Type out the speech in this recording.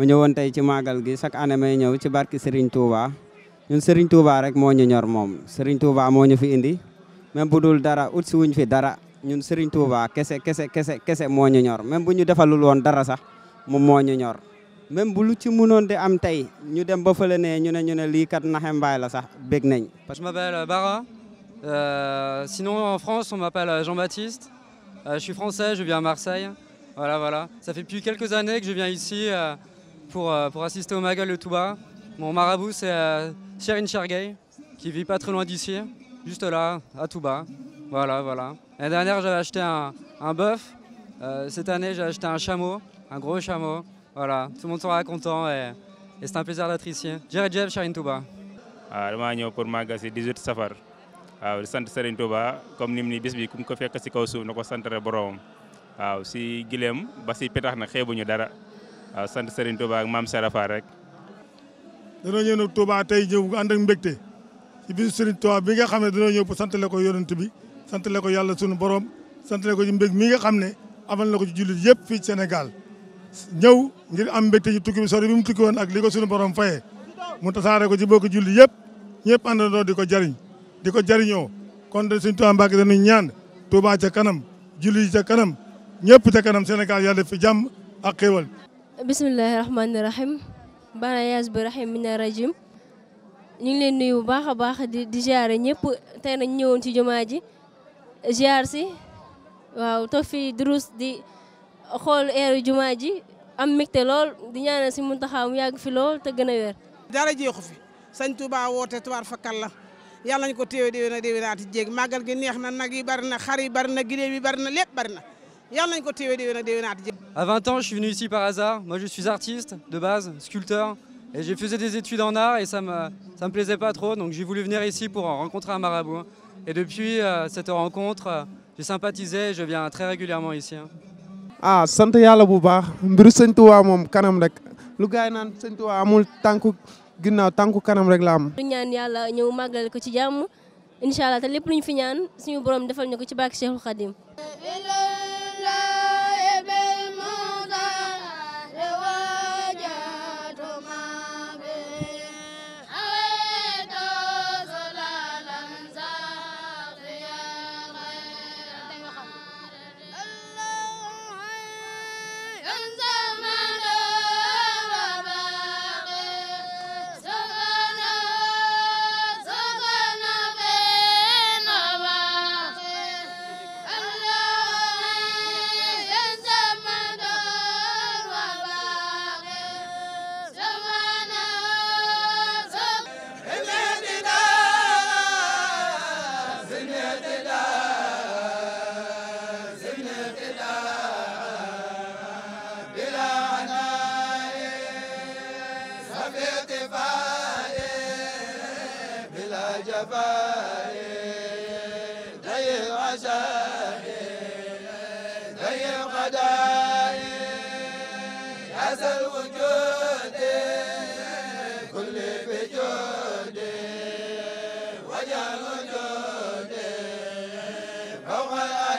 ma ñëwoon tay ci magal gi chaque année may ñew ci barki Serigne Touba ñun Serigne Touba rek mo ñu ñor mom Serigne Touba mo ñu fi indi même bu dul dara out ci wuñ fi dara ñun Serigne Touba kese kese kese kese mo ñu ñor même bu ñu defalul won dara sax moom mo ñu ñor. même bu lu ci mënon di am tay ñu dem ba fële né ñu né ñu né li kat naxé mbaay la sax bég nañ. parce que m'appelle euh, Bara euh, sinon en France on m'appelle euh, Jean-Baptiste euh, je suis français je viens à Marseille voilà voilà ça fait depuis quelques années que je viens ici. Euh, pour, euh, pour assister au Magal de Touba. Mon marabout, c'est euh, Sherin Shergay, qui vit pas très loin d'ici, juste là, à Touba. Voilà, voilà. L'année dernière, j'avais acheté un, un bœuf. Euh, cette année, j'ai acheté un chameau, un gros chameau. Voilà, tout le monde sera content et, et c'est un plaisir d'être ici. Jared Jeff, Sherin Touba. waaw ah, damaa ñëw pour màggal 18 safar waaw di sant Serigne Touba comme nim ni bis bi ku mu ko fekk si kaw suuf na ko santare boromam waaw si gileem ba si petax nag xeebuñu dara waaw sant Serigne Touba ak maam Serapha rek. danoo ñëw nag Touba tey ñëw ànd ak mbégte ci bisu Serigne Touba bi nga xam ne danoo ñëw pour santale ko yonent bi santale ko yàlla sunu borom santale ko ci mbég mi nga xam ne amal na ko ci jullit yëpp fii Sénégal. ñëw ngir am mbégte ci tukki bi sori bi mu tukki ak li ko sunu borom fayee mu tasaare ko ci bokk julli yëpp ñëpp àndandoo di ko jariñ di ko jariñoo kon de suñ Touba Mbacke ñaan Touba ca kanam julli ca kanam ñëpp ca kanam Sénégal yàlla fi jàmm ak بسم الله rahmaani rahim banayaas bi rahim mina rajim ñu ngi leen nuyu bu baax a baax di di ziare ñëpp tey nañ ñëwoon ci jumaa ji ziar si waaw toog fii durus di xool eeru jumaa ji am mbégte lool di ñaanal si Muntaxa mu yàgg fi lool te gën a wér dara jeexu fi sañ Touba woote tubaar fakkal la yàlla ñu ko téewe déwé na déwé naati jéeg màggal gi neex na nag yi bari na xar yi bari na giléem yi bari na lépp bari na à 20 ans je suis venu ici par hasard moi je suis artiste de base sculpteur et j'ai fait des études en art et ça ne ça me plaisait pas trop donc j'ai voulu venir ici pour rencontrer un marabout et depuis euh, cette rencontre euh, j'ai sympathisé et je viens très régulièrement ici. Hein. ah في كفاية بلا جفاية ضيق عزاية ضيق غداية هذا الوجود كل بجود وجه وجود فوق الأرض